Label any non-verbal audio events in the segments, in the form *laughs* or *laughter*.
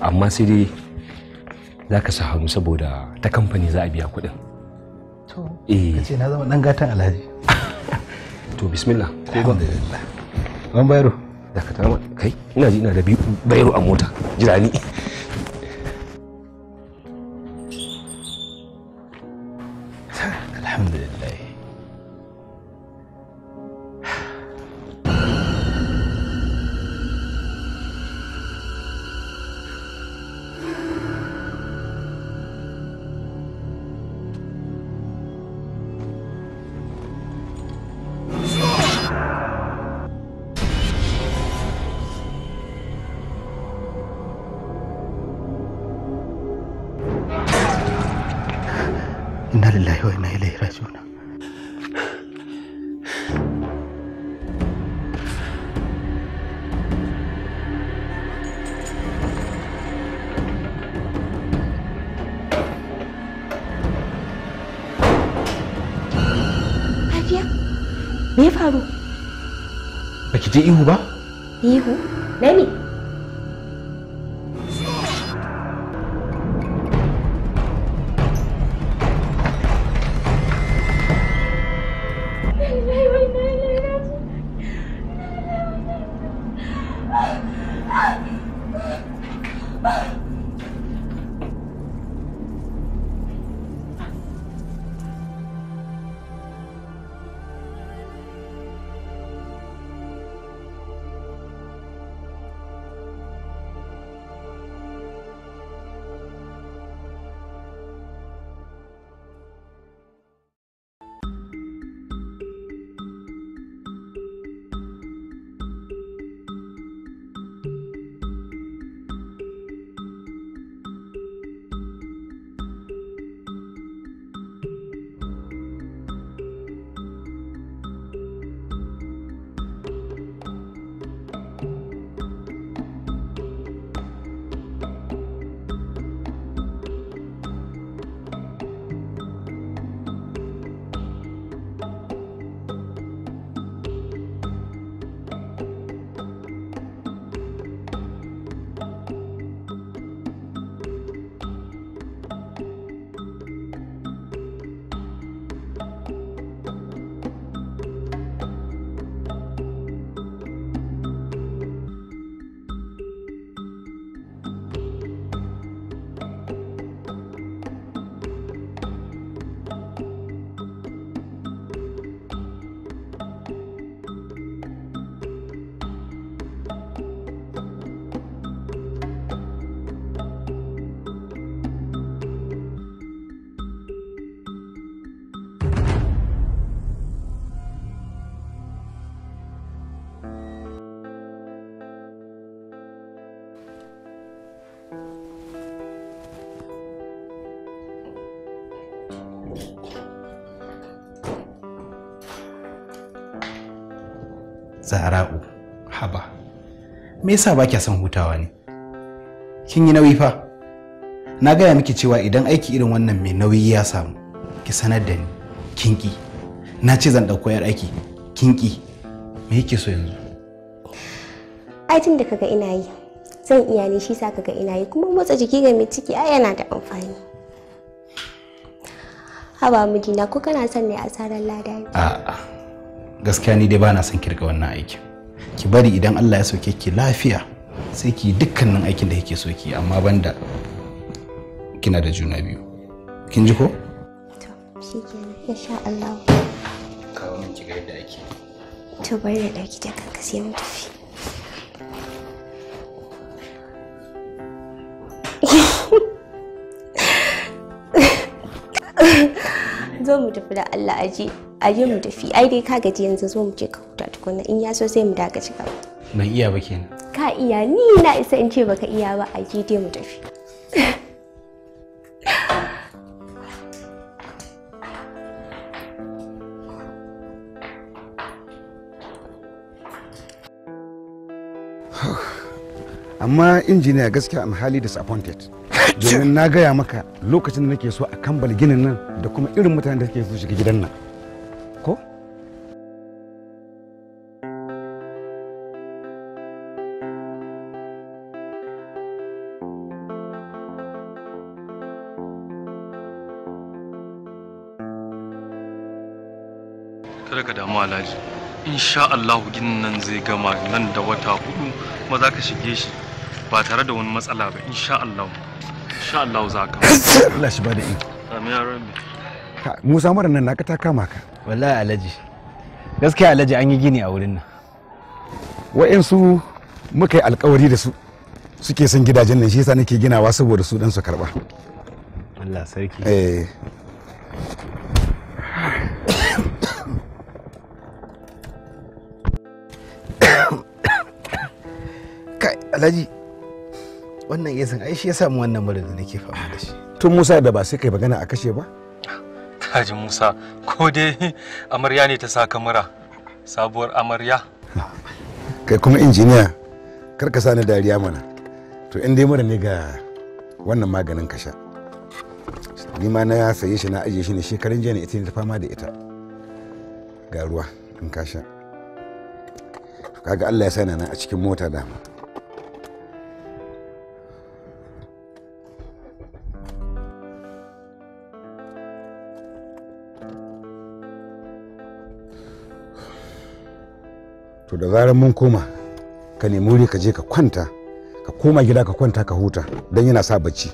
amma sai dai za ka sa hannu saboda ta kamfani za a biya kuɗin to eh. kace na zama dan gatan alhaji *laughs* to bismillah alhamdulillah an bayro da ka kai ina ji ina da bayro a mota jira ni zara'u haba me yasa ba kya son hutawa ne kin yi nauyi fa na gaya miki cewa idan aiki irin wannan mai nauyi ya samu ki sanar da ni kinki na ce zan ɗauko yar aiki kinki me yake so yanzu ai da kaga ina yi zan iya ne shi sa kaga ina yi kuma motsa jiki ga mai ciki ai yana da amfani haba mijina ko kana son ne asarar lada a'a gaskiya ni dai ba na son ki riga wannan aikin ki bari idan Allah ya soke ki lafiya sai ki dukkanin aikin da kike so ki amma banda kina da juna biyu kin ji ko to shikenan insha Allah kawo min ki ga yadda ake to bari da daki ta kanka sai mu tafi *laughs* zo mu tafi da Allah aje a yi mu tafi ai dai ka gaji yanzu zo mu je ka huta tukuna in ya so sai mu daga ci gaba ban iya ba kenan ka iya ni na isa in ce baka iya ba a ji dai mu tafi *sighs* amma injiniya gaskiya am highly disappointed domin na gaya maka lokacin da nake so a kammala ginin nan da kuma irin mutanen da suke so shiga gidan nan insha Allah ginin nan zai gama nan da wata hudu kuma za ka shige shi ba tare da wani matsala ba insha Allah insha Allah za ka Allah shi ba da iko amin ya rabbi Musa mara nan naka ta kama ka wallahi alaji gaskiya alaji an yi gini a wurin nan wa'ansu muka yi alkawari da su suke son gidajen nan shi yasa nake ginawa saboda su dan su karba Allah sarki eh kai alhaji wannan yasan ai shi ya samu wannan murin da nake fama da shi tun musa da ba sai kai magana a kashe ba Haji Musa ko dai amarya ne ta saka mura sabuwar amarya kai kuma injiniya karka sani dariya mana to in dai mura ne ga wannan maganin ka sha ni ma na saye shi na ajiye shi ne shekarun jiya ne ita ne ta fama da ita ga ruwa in ka sha to kaga Allah ya sani nan a cikin mota dama to da zarar mun koma ka nemi wuri ka je ka kwanta ka koma gida ka kwanta ka huta don yana sa bacci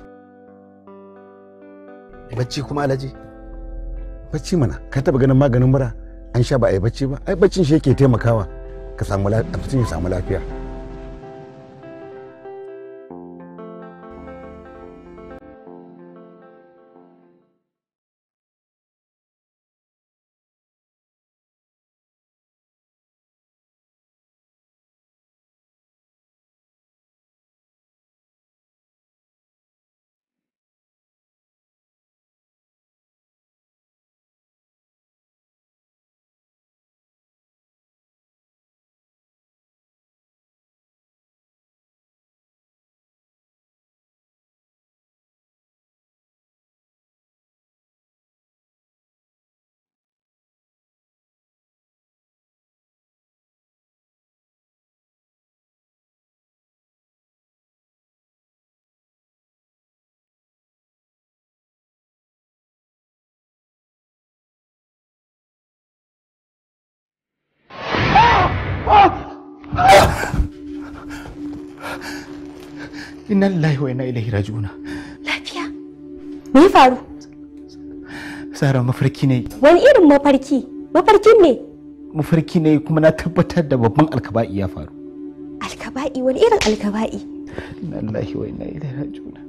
bacci kuma alaji bacci mana ka taba ganin maganin mura an sha ba a yi bacci ba ai baccin shi yake taimakawa ka samu lafiya inna lillahi wa inna ilaihi raji'una lafiya me ya faru sara mafarki ne wani irin mafarki mafarki ne mafarki ne kuma na tabbatar da babban alkaba'i ya faru alkaba'i wani irin alkaba'i inna lillahi wa inna ilaihi raji'una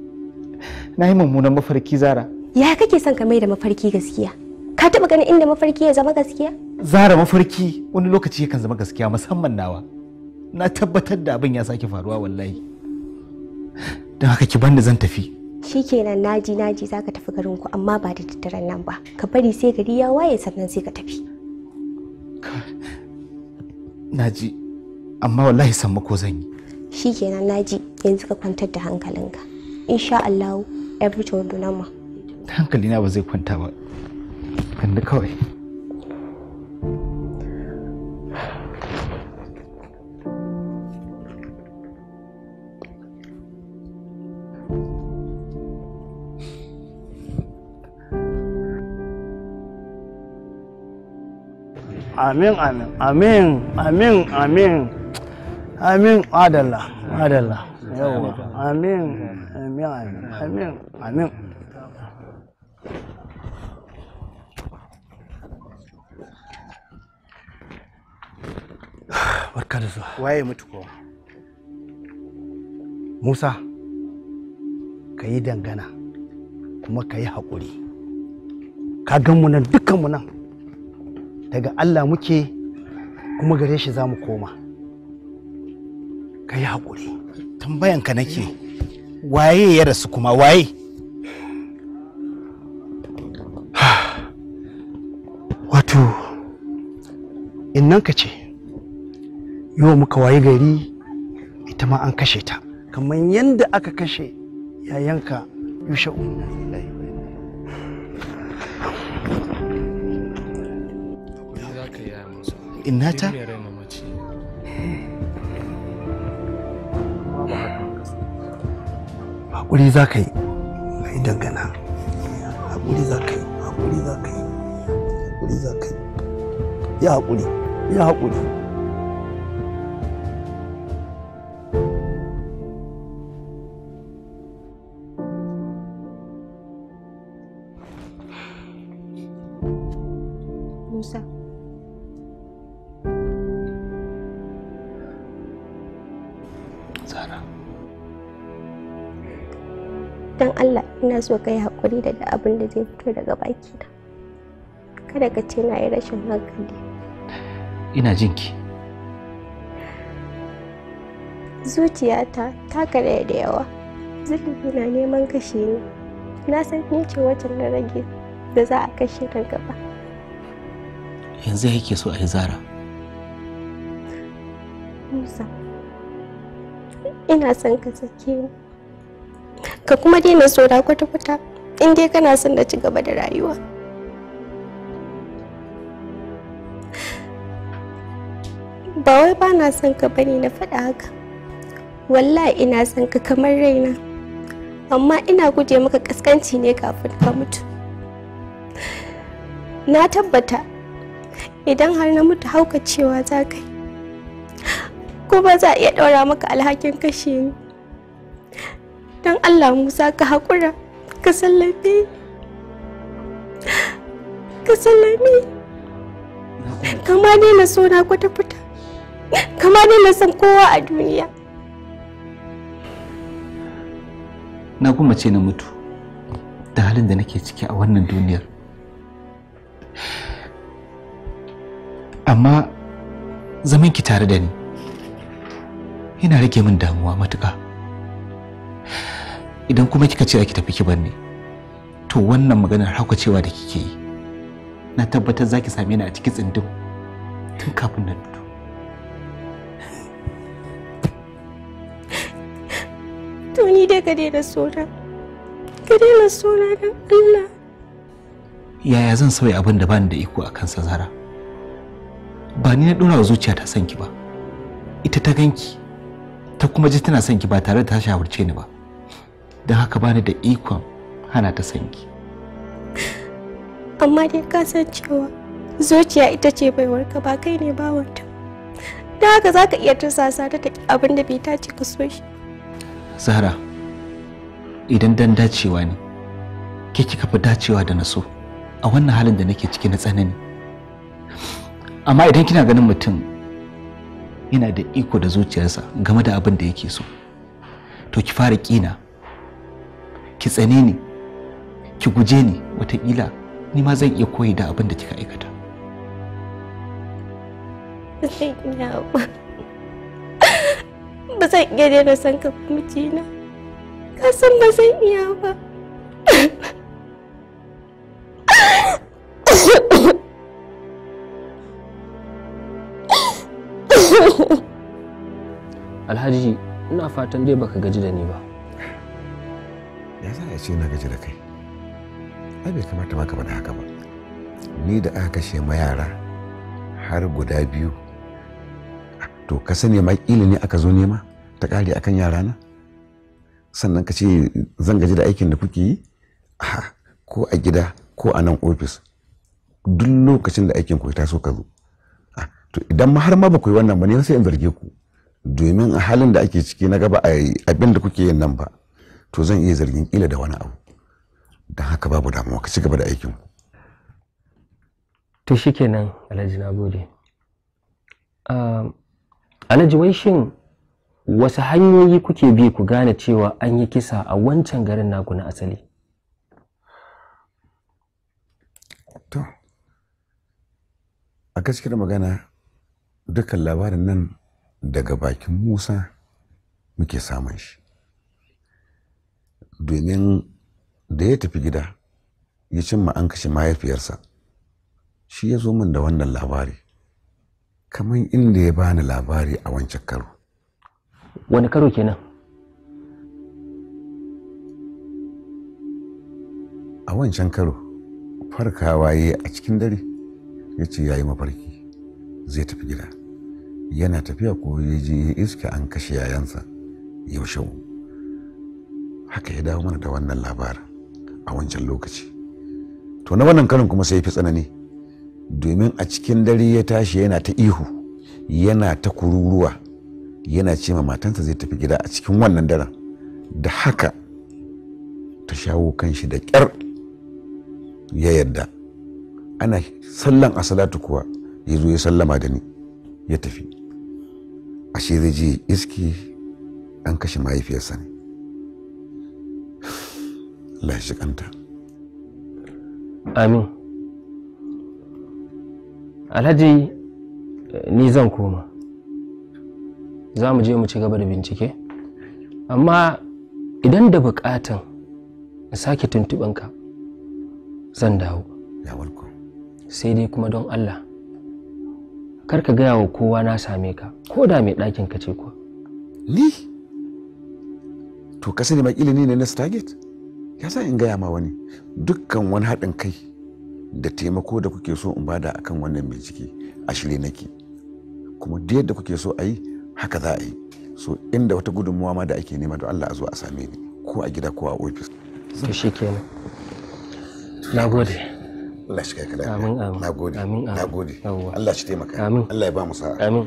na yi mummunan mafarki zara ya kake son ka mai da mafarki gaskiya ka taba ganin inda mafarki ya zama gaskiya zara mafarki wani lokaci yakan zama gaskiya musamman nawa na tabbatar da abin ya sake faruwa wallahi don haka ki banda zan tafi shikenan naji naji zaka tafi garin ku amma ba da daddaren nan ba ka bari sai gari ya waye sannan sai ka tafi naji amma wallahi san mako zan yi shikenan naji yanzu ka kwantar da hankalinka insha Allah everything will be normal hankalina ba zai kwanta ba kanda kawai amin amin amin amin amin amin adalla adalla yawa amin amin amin amin *sighs* barka da zuwa waye mutu ko musa ka yi dangana kuma ka yi haƙuri ka gan mu nan dukkan mu nan daga Allah muke kuma gare shi za mu koma ka yi haƙuri tambayanka nake waye ya rasu kuma waye *sighs* wato ka ce yau muka waye gari ita ma an kashe ta kamar yadda aka kashe yayanka lai Inna ta Haƙuri za ka yi, mai dangana. Haƙuri za ka yi, haƙuri za ka yi, haƙuri za ka yi. Ya haƙuri, ya haƙuri. don Allah ina so ka yi haƙuri da abin da zai fito daga baki na kada ka ce na yi rashin hankali ina jinki zuciyata ta karaya da yawa zulubi na neman kashe ni na san ni ce wacce na rage da za a kashe ta gaba yanzu yake so a yi zara musa ina son ka sake ni ka kuma daina tsora kwata-kwata in dai kana son na ci gaba da rayuwa ba wai ba na son ka bane na faɗa haka wallahi ina son ka kamar raina amma ina guje maka kaskanci ne kafin ka mutu na tabbata idan har na mutu hauka cewa za ka yi kuma za a iya ɗaura maka alhakin kashe ni dan Allah Musa ka haƙura ka sallame ka sallame kama na so na kwata-kwata kama na san kowa a duniya na kuma ce na mutu da halin da nake ciki a wannan duniyar amma zaman ki tare da ni yana rage min damuwa matuƙa idan kuma kika ce ki tafi ki banne to wannan maganar cewa da kike yi na tabbatar zaki same ni a cikin tsindin tun kafin na fito to ni dai ka daina sora ka daina sora don Allah yaya zan sauya abin da bani da iko a kansa zara ba ni na dora zuciya ta sanki ba ita ta ganki ta kuma ji tana sanki ba tare da ta shawarce ni ba da haka bani da ikon hana ta sanki amma dai ka san cewa zuciya ita ce baiwarka ba kai ne bawanta da haka za ka iya tursasa ta ta abin da bai dace ka so shi zahra idan dan dacewa ne ke kika fi dacewa da na so a wannan halin da nake ciki na tsanani amma idan kina ganin mutum yana da iko da zuciyarsa game da abin da yake so to ki fara kina ki tsane ni ki guje ni watakila ni ma zan iya koyi da abin da kika aikata ba zan iya daina san ka mijina ka san ba zan iya ba alhaji ina fatan dai baka gaji da ni ba ya za a ce na gaji da kai ai bai kamata maka ka da haka ba ni da aka kashe ma yara har guda biyu to ka sani ma ƙila ne aka zo nema ta ƙari akan yara na sannan ka ce zan gaji da aikin da kuke yi ko a gida ko a nan ofis duk lokacin da aikin ku ya taso ka zo ah, to idan ma har ma ba ku yi wannan ba ne sai in zarge ku domin a halin da ake ciki na gaba a abin da kuke yin nan ba to zan iya zargin kila da wani abu don haka babu damuwa ka ci gaba da aikin to shikenan alhaji na gode alhaji wai shin wasu hanyoyi kuke bi ku gane cewa an yi kisa a wancan garin naku na asali to a gaskiyar magana dukkan labarin nan daga bakin musa muke samun shi domin da ya tafi gida ya cimma an kashe mahaifiyarsa shi ya zo min da wannan labari kamar inda ya bani labari a wancan karo wani karo kenan a wancan karo farkawa ya a cikin dare ya ce ya yi mafarki zai tafi gida yana tafiya ko ya je iska an kashe yayansa yaushe haka ya dawo mana da wannan labarin a wancan lokaci to na wannan karin kuma sai fi tsanani domin a cikin dare ya tashi yana ta ihu yana ta kururuwa yana ce ma matansa zai tafi gida a cikin wannan daren da haka ta shawo kan shi da kyar ya yarda ana sallan a asalatu kuwa ya zo ya sallama da ni ya tafi ashe zai je iski an kashe mahaifiyarsa ne Allah ya amin alhaji ni zan koma za mu je mu ci gaba da bincike amma idan da bukatan na sake tuntuɓanka zan dawo sai dai kuma don Allah kar ka gaya wa kowa na same ka ko da mai ɗakin ka ce ko. ni to ka sani ma ne na target yasa in gaya ma wani dukkan wani haɗin kai da taimako da kuke so in bada akan wannan bincike a shirye nake kuma duk yadda kuke so a yi haka za a yi so inda wata gudunmuwa ma da ake nema da Allah a zo a same ni ko a gida ko a ofis to shi kenan na gode Allah shi kai ka lafiya amin amin na gode Allah shi taimaka Allah ya ba mu sa'a amin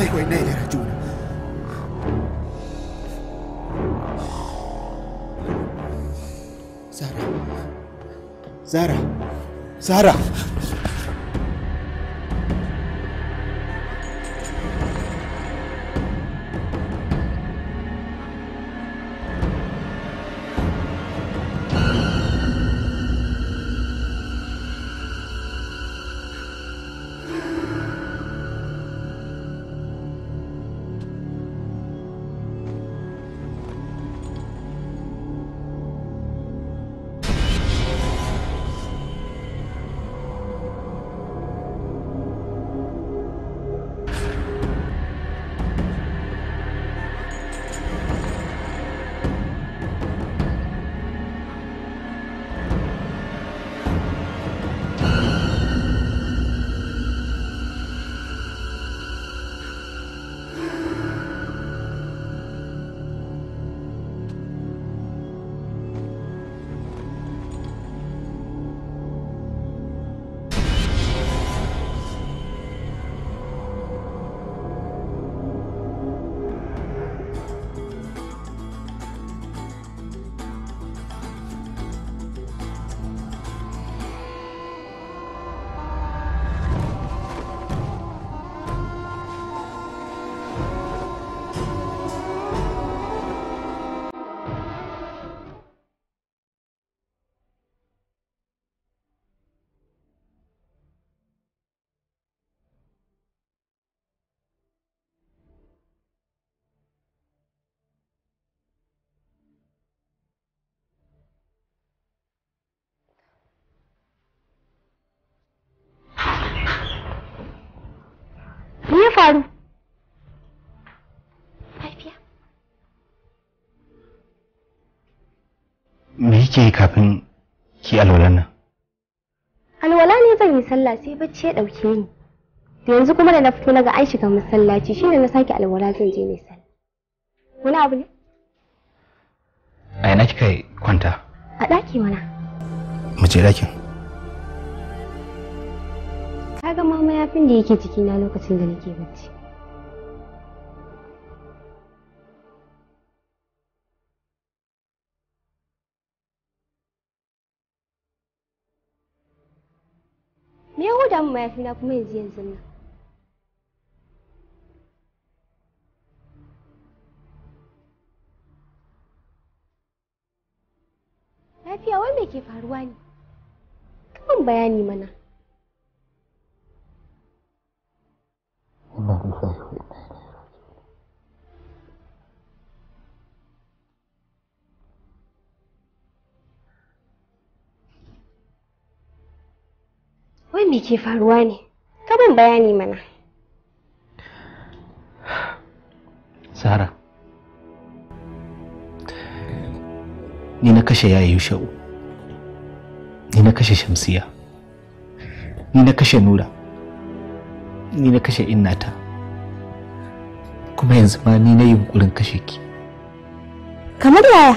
Dejo en ella, Yuna. Sara. Sara. Sara. faru lafiya me yake kafin ki alwalan nan alwala ne zan yi sallah sai bacci ya dauke ni da yanzu kuma da na fito na ga an shiga masallaci shine na sake alwala zan je ne sallah wani abu ne a yana kika kwanta a ɗaki mana mu je ɗakin ga ma da yake jikina lokacin da nake bacci me ya huda fi na kuma yanzu yanzu nan lafiya wai me ke faruwa ne kaman bayani mana inna wai me ke faruwa ne ka ban bayani mana Sara ni na kashe yayin sha'u ni na kashe shamsiya ni na kashe nura ni na kashe innata kuma yanzu ma ni na yi yunkurin kashe ki kamar yaya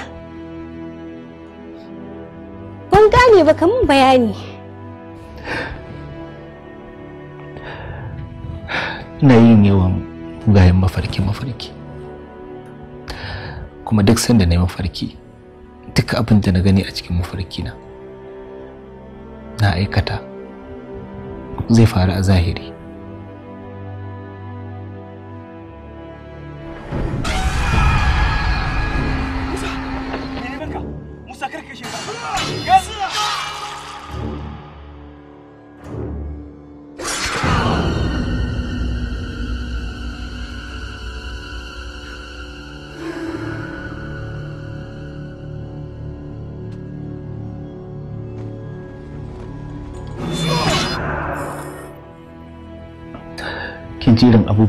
ban gane ba kamun bayani ina yin yawan mugayen mafarki-mafarki kuma duk sanda na yi mafarki duk abin da na gani a cikin mafarki na na aikata zai faru a zahiri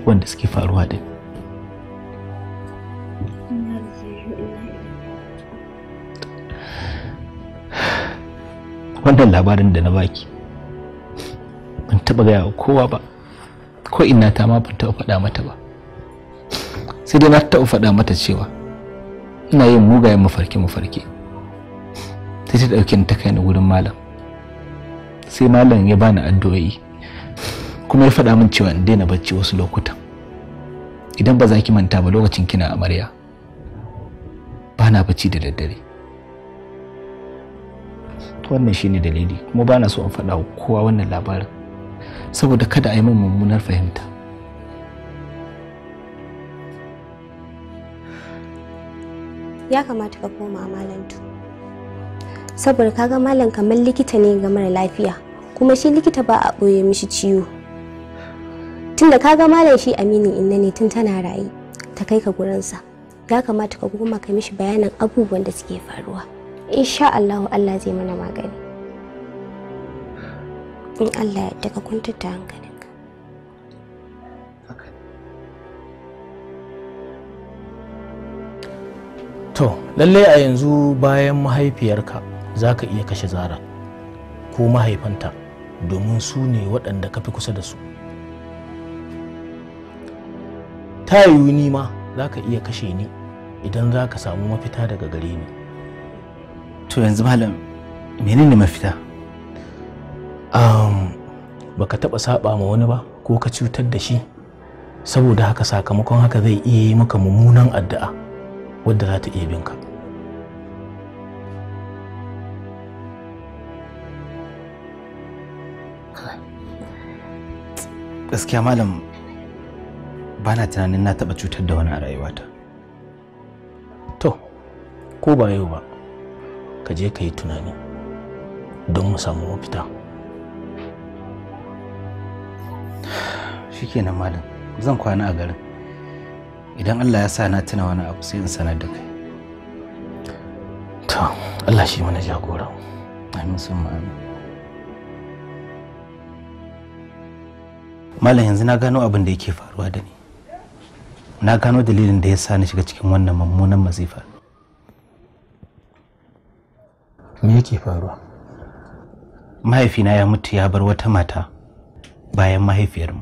abubuwan da suke faruwa da wannan labarin da na baki ban taba gaya kowa ba ko ina ta ma ban taba faɗa mata ba sai dai na taɓa faɗa mata cewa ina yin mugayen mafarki mafarki sai ta ɗauke ni ta kai ni wurin malam sai malam ya bani addu'o'i kuma ya faɗa min cewa in daina bacci wasu lokutan idan ba za ki manta ba lokacin kina amarya ba na bacci da daddare wannan shine dalili kuma ba na so in faɗa wa kowa wannan labarin saboda kada a yi min mummunar fahimta ya kamata ka koma malantu saboda kaga malam kamar likita ne ga mara lafiya kuma shi likita ba a ɓoye mishi ciwo tunda ka ga malam shi aminu inna ne tun tana rayu ta kai ka gurinsa ya kamata ka goma ka mishi bayanin abubuwan da suke faruwa insha Allah Allah zai mana magani in Allah ya ka kwantar hankali. to lalle a yanzu bayan mahaifiyarka za ka iya kashe zara ko mahaifanta domin su ne waɗanda ka fi kusa da su ta yiwu ni ma za ka iya kashe ni idan za ka samu mafita daga gare ni to yanzu malam menene mafita um, ka taɓa saba ma wani ba ko ka cutar da shi saboda haka sakamakon haka zai iya yi maka mummunan addu'a wadda za ta iya bin ka gaskiya malam ba na tunanin na taɓa cutar da wani a rayuwata to ko ba yau ba ka je ka yi tunani don mu samu mafita Shi kenan malam zan kwana a garin idan allah ya sa na tuna wani abu sai in sanar da kai to allah shi mana jagora amin sun amin. malam yanzu na gano abin da yake faruwa da ni na gano dalilin da ya sa ni shiga cikin wannan mummunan masifa me yake faruwa mahaifina ya mutu ya bar wata mata bayan mahaifiyarmu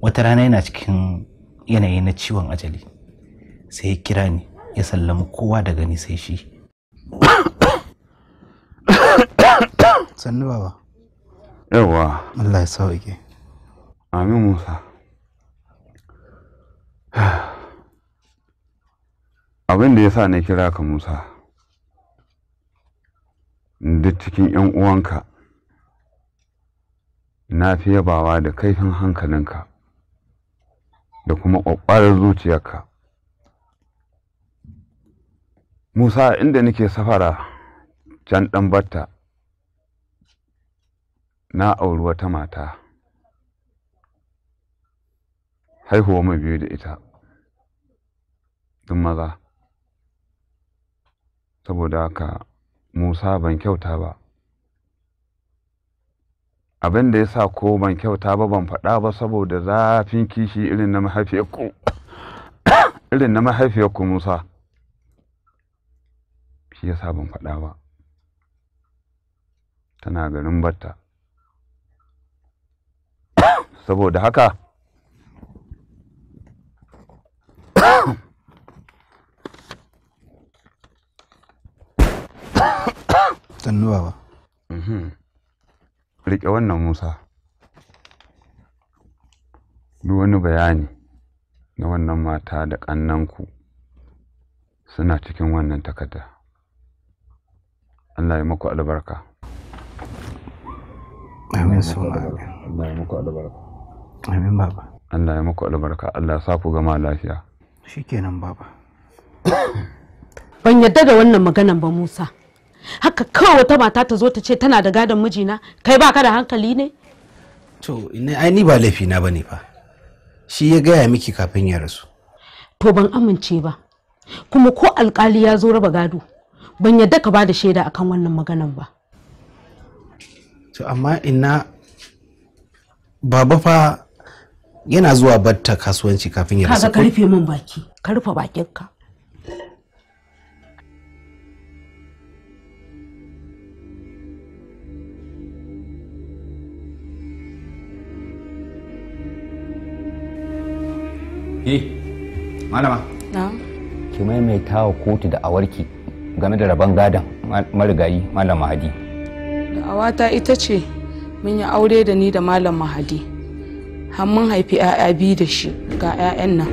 wata rana yana cikin yanayi na ciwon ajali sai ya kira ni ya sallama kowa daga ni sai shi sannu baba yawa Allah ya sauke amin musa *sighs* abin da ya sa na kira ka musa duk cikin 'yan uwanka na fi yabawa da kaifin hankalinka da kuma ƙwaƙwarar zuciyarka musa inda nake safara can ɗan batta na auri wata mata haihuwa mai biyu da ita duk maza saboda haka musa ban kyauta ba abin da ya sa ko ban kyauta ba ban faɗa ba saboda zafin kishi irin na mahaifiyarku *coughs* irin na mahaifiyarku musa shi ya sa ban faɗa ba tana garin batta *coughs* saboda haka Sannuwa ba. Mhm. Riƙe wannan Musa. Duk wani bayani na wannan mata da ƙannanku suna cikin wannan takarda. Allah ya muku albarka. Amin suna. Allah ya albarka. Amin baba. Allah ya muku albarka. Allah ya sa ku gama lafiya. Shikenan baba. Ban yadda da wannan maganan ba Musa. haka kawai wata mata ta zo ta ce tana da gadon mijina kai ba ka da hankali ne to ina, ai ni ba laifi na bane fa shi ya gaya miki kafin ya rasu to ban amince ba kuma ko alkali ya zo raba gado ban yadda ka ba da shaida akan wannan maganan ba to amma ina baba fa yana zuwa batta kasuwanci kafin ya rasu ka rufe min baki ka rufe bakinka he malama. Na. Ki maimaita wa kotu da awarki game da rabon gadon marigayi malam Mahadi. Da'awata ita ce mun yi aure da ni da malam Mahadi. Har mun haifi 'ya'ya biyu da shi ga 'ya'yan nan.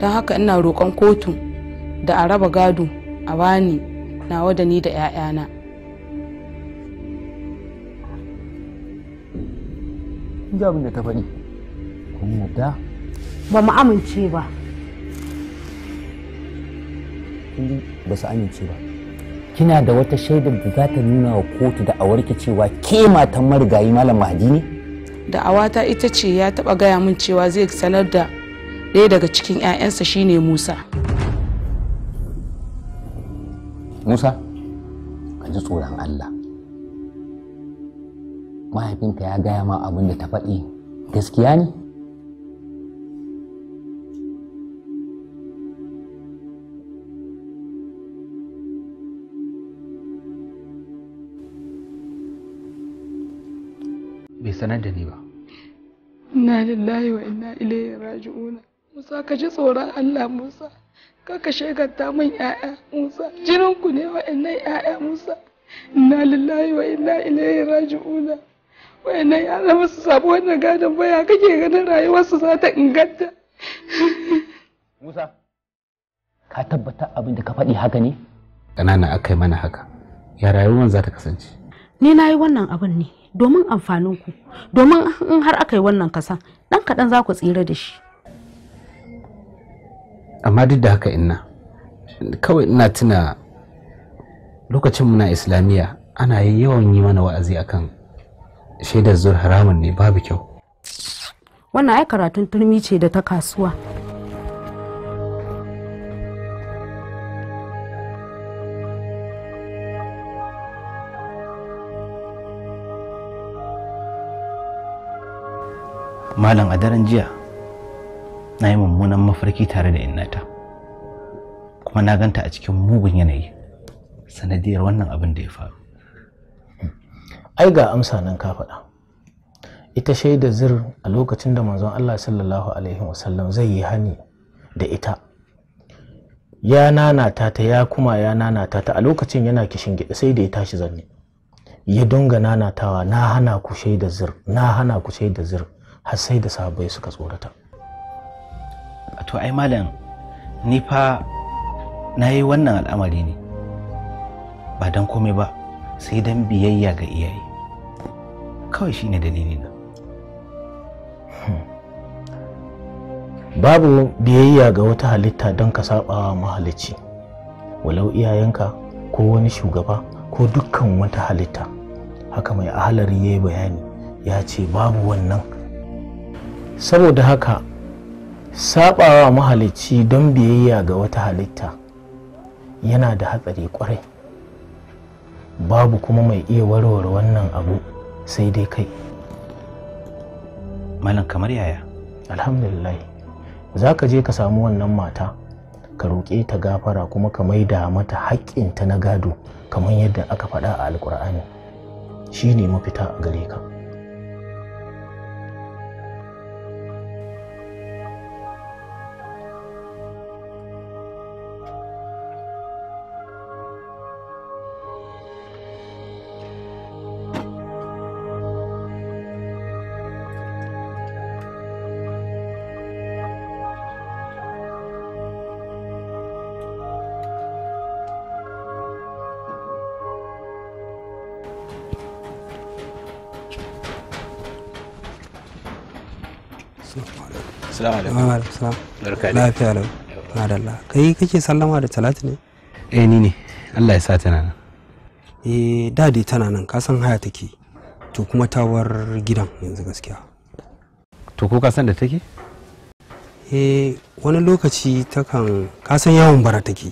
Don haka ina roƙon kotu da a raba gado a bani nawa da ni da 'ya'yana. abin da ta faɗi, kun ba mu amince ba ba su amince ba kina da wata shaidar da za ta nuna wa kotu da a warke cewa ke matan marigayi malam mahadi ne da awata ita ce ya taba gaya min cewa zai sanar da ɗaya daga cikin 'ya'yansa shine musa musa ka ji tsoron allah mahaifinka ya gaya ma abin da ta faɗi gaskiya ne sanar da ni ba inna lillahi wa inna ilaihi raji'una musa ka ji tsoron allah musa ka ka ta min ya'ya musa jinin ku ne wa'annan ya'ya musa inna lillahi wa inna ilaihi raji'una wa'annan ya'ya ba su samu wannan gadon baya kake ganin rayuwarsu za ta inganta musa ka tabbata abin da ka faɗi haka ne Ƙananan aka yi mana haka ya rayuwar za ta kasance ni na yi wannan abin ne domin amfanin ku domin in har aka yi wannan kasa dan kaɗan za ku tsira da shi amma duk da haka inna kawai ina tuna lokacin muna islamiyya ana yawan yi mana wa'azi akan shaidar zuwa haramun ne babu kyau wannan ai karatun turmi ce da ta kasuwa malam a daren jiya na yi mummunan mafarki tare da innata kuma na ganta a cikin mugun yanayi sanadiyar wannan abin da ya faru ai ga amsa nan ka faɗa ita shaida zir a lokacin da manzon Allah sallallahu alaihi wasallam zai yi hani da ita ya nanata ta ya kuma ya nanata ta a lokacin yana kishin gida sai da ya tashi zanne ya dunga nanatawa na hana ku shaida zir na hana ku shaida zir har sai da sahabbai suka tsorata to ai malam ni fa na yi wannan al'amari ne ba don komai ba sai don biyayya ga iyaye kawai shine dalili na hmm. babu biyayya ga wata halitta don ka saba mahalicci walau iyayenka ko wani shugaba ko dukkan wata halitta haka mai ahalari ya yi bayani ya ce babu wannan saboda haka sabawa mahalicci don biyayya ga wata halitta yana da hatsari kwarai babu kuma mai iya warware wannan abu sai dai kai malam kamar yaya alhamdulillah za ka je ka samu wannan mata ka roƙe ta gafara kuma ka maida mata haƙƙinta na gado kamar yadda aka faɗa a alƙur'ani shi ne mafita a gare ka assalamu alaikum wa alaikum barka da lafiya lau madalla kai kake sallama da talatu ne eh ni ne Allah ya sa tana nan eh da dai tana nan ka san haya take to kuma tawar gidan yanzu gaskiya to ko ka san da take eh wani lokaci takan ka san yawon bara take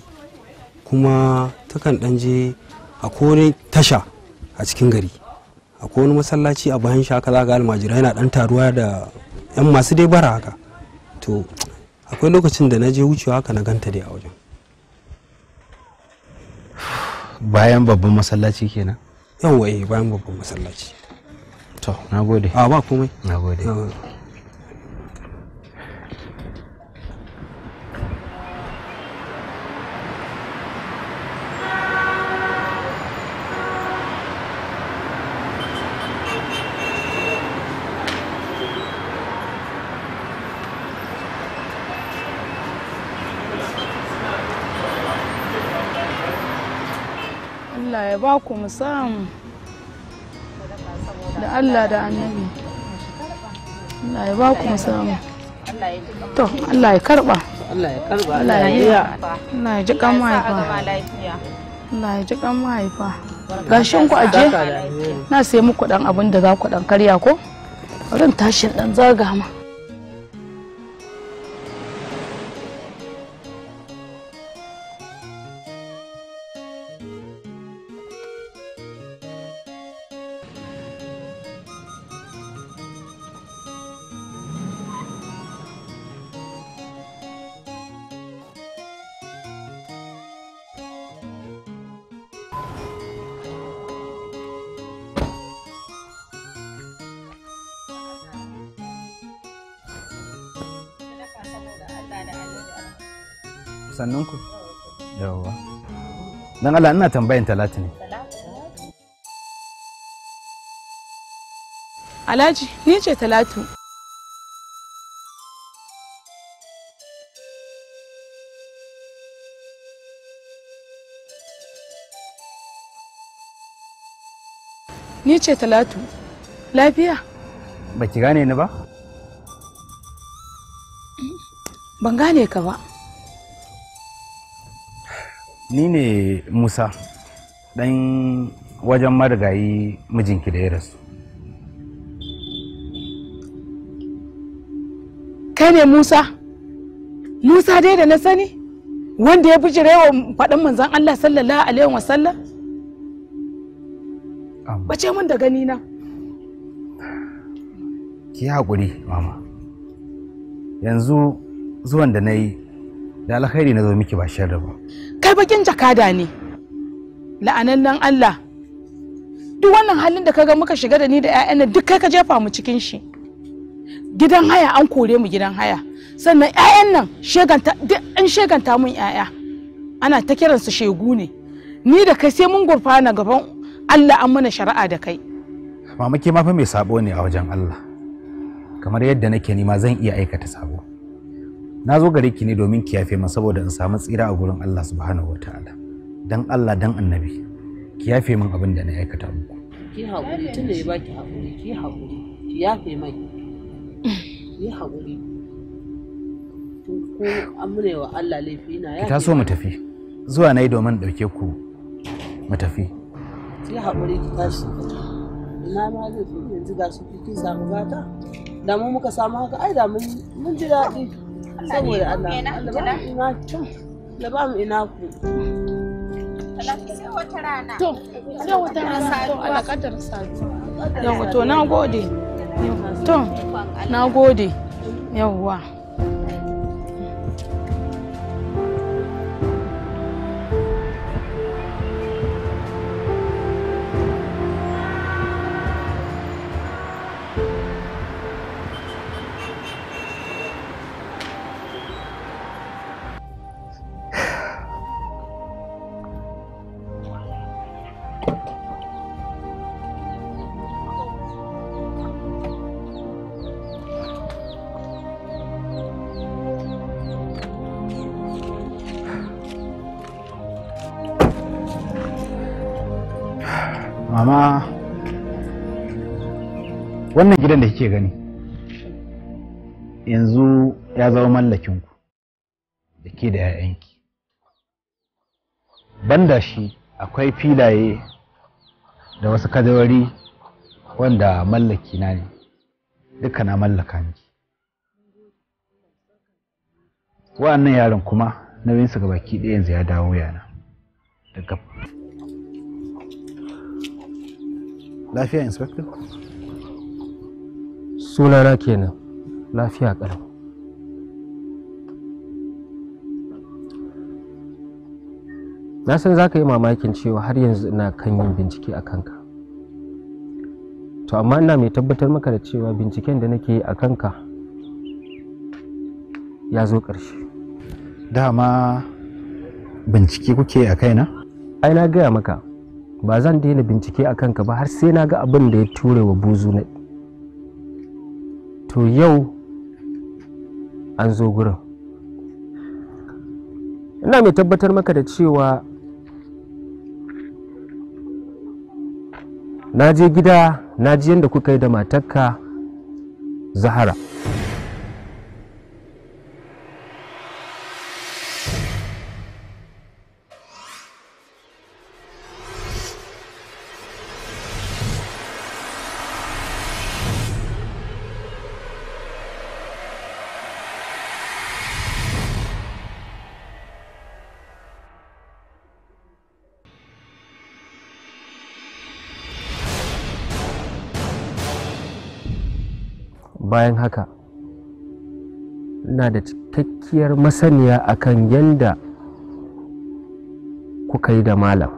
kuma takan dan je a kone tasha a cikin gari akwai wani masallaci a bayan shaka za ga almajira yana dan taruwa da yan masu dai bara haka to akwai lokacin da na je wucewa haka na ganta dai a wajen bayan babban masallaci kenan yawwa eh bayan babban masallaci to gode. a ah, ba komai na gode. ba ku mu samu da Allah da annabi Allah ya ba ku mu samu to Allah ya karba Allah ya karba Allah ya biya Allah ya ji kan mahaifa Allah ya ji kan mahaifa gashin ku aje na sai muku dan abin da za ku dan karya ko ran tashin dan zaga ma dan Allah ina tambayan talatu ne Alhaji ni ce talatu Ni ce Talatu. Lafiya? Ba ki gane ni ba? Ban gane ka ba. ni ne musa ɗan wajen marigayi mijinki da ya rasu kai ne musa musa dai da na sani wanda ya bijire wa faɗin manzan allah sallallahu alaihi wasallam bace min da gani na ki haƙuri mama yanzu zuwan da na yi da alkhairi na zo miki ba sharri ba kai bakin jakada ne la'anannan Allah duk wannan halin da ka ga muka shiga da ni da 'ya'yan duk kai ka jefa mu cikin shi gidan haya an kore mu gidan haya sannan 'ya'yan nan sheganta duk an sheganta mun 'ya'ya ana ta kiransu shegu ne ni da kai sai mun gurfana gaban Allah an mana shari'a da kai mama ke ma mai sabo ne a wajen Allah kamar yadda nake nima zan iya aikata sabo na zo gare ki ne domin ki yafe min saboda in samu tsira a gurin Allah subhanahu wataala dan Allah dan annabi ki yafe min abin da na aikata muku ki haƙuri tun da ya baki haƙuri ki haƙuri ki yafe mai ki haƙuri ko amune wa Allah laifi na ya ta so mu tafi zuwa nayi domin ɗauke ku mu tafi ki haƙuri ki tashi ina ma zai fi yanzu ga su kin samu gata da mu muka samu haka ai da mun ji daɗi saboda Allah da ba mu ina ku to sai wata rana to Allah kadar to na gode to na gode yawwa wannan gidan da kike gani yanzu ya zama mallakinku da ke da 'ya'yanki banda shi akwai filaye da wasu kadawari wanda mallaki na ne duka na mallaka ne wa'annan yaron kuma su ga baki ɗaya yanzu ya dawo yana daga lafiya inspector sunana kenan lafiya ƙalau na san za ka yi mamakin cewa har yanzu ina kan yin bincike a kanka to amma ina mai tabbatar maka da cewa binciken da nake yi a kanka ya zo ƙarshe dama bincike kuke a kaina ai na gaya maka ba zan daina bincike a kanka ba har sai na ga abin da ya ture wa buzu na to yau an zo gurin ina mai tabbatar maka da cewa na je gida na ji yadda kuka yi da matakka zahara bayan haka na da cikakkiyar masaniya a kan yadda kuka yi da malam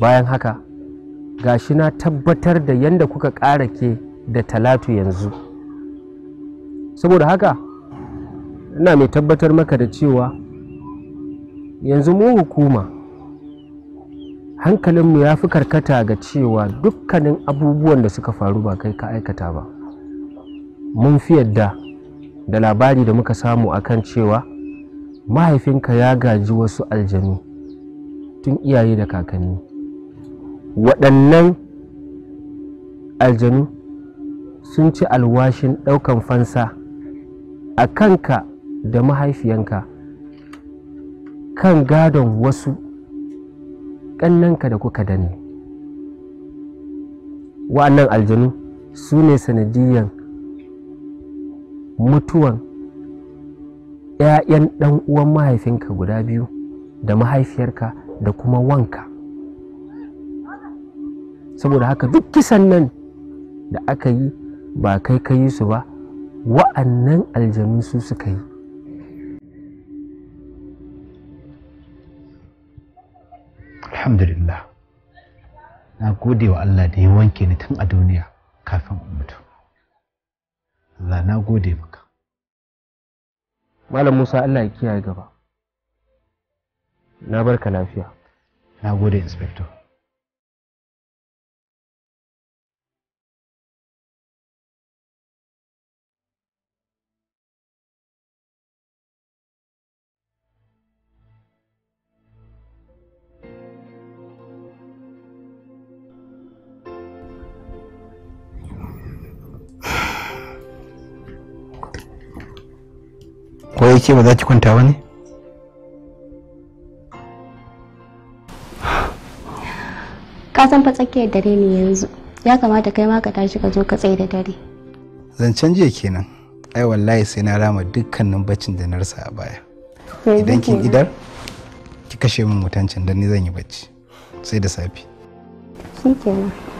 bayan haka ga shi na tabbatar da yadda kuka ƙara ke da talatu yanzu saboda haka ina mai tabbatar maka da cewa yanzu mu hukuma hankalinmu ya fi karkata ga cewa dukkanin abubuwan da suka faru ba kai ka aikata ba mun fi yadda da labari da muka samu akan cewa mahaifinka ya gaji wasu aljanu tun iyaye da kakanni waɗannan aljanu sun ci alwashin ɗaukan fansa a kanka da mahaifiyanka kan gadon wasu ƙannanka da kuka dani wa'annan aljanu su ne sanadiyan mutuwan ‘ya'yan ɗan uwan mahaifinka guda biyu da mahaifiyarka da kuma wanka saboda haka duk kisan nan da aka yi ba kai ka yi su ba wa'annan aljanu su suka yi alhamdulillah na gode wa Allah da ya wanke ni tun a duniya kafin mutu Allah na gode maka Malam Musa Allah ya kiyaye gaba na barka lafiya na gode inspector wai ke ba za ki kwanta ba ne? Ka san fa tsakiyar dare ne yanzu. Ya kamata kai ma ka tashi ka zo ka tsaye da dare. Zancen jiya kenan. Ai wallahi sai na rama dukkanin baccin da na rasa a baya. Idan kin idar ki kashe min mutancin dan ni zan yi bacci. Sai da safi. Shikenan.